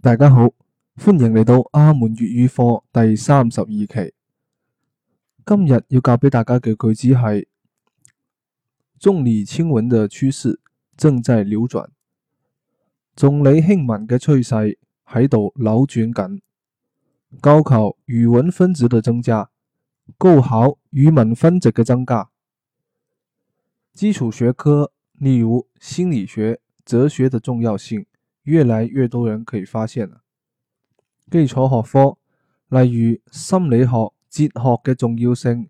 大家好，歡迎嚟到阿門粵語課第三十二期。今日要教俾大家嘅句子係：重理輕文嘅趨勢正在扭轉，重理輕文嘅趨勢喺度扭轉緊。高考語文分值嘅增加，高考語文分值嘅增加，基礎學科例如心理學、哲學的重要性。越嚟越多人可以發現基礎學科，例如心理學、哲學嘅重要性，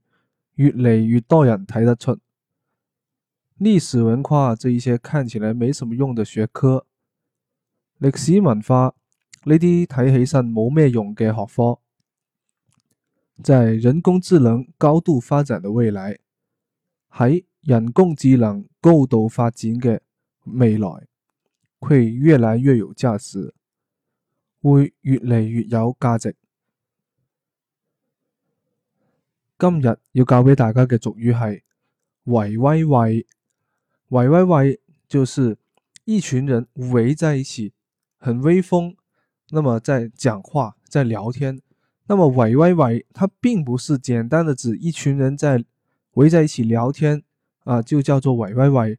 越嚟越多人睇得出。歷史文化這一些看起來沒什麼用嘅學科，歷史文化，呢啲睇起身冇咩用嘅學科。在人工智能高度發展的未來，喺人工智能高度發展嘅未來。會越來越有價值，會越嚟越有價值。今日要教俾大家嘅俗語係圍威喂，圍威喂，就是一群人圍在一起，很威風。那麼在講話、在聊天，那麼圍威喂，它並不是簡單的指一群人在圍在一起聊天啊，就叫做圍威喂。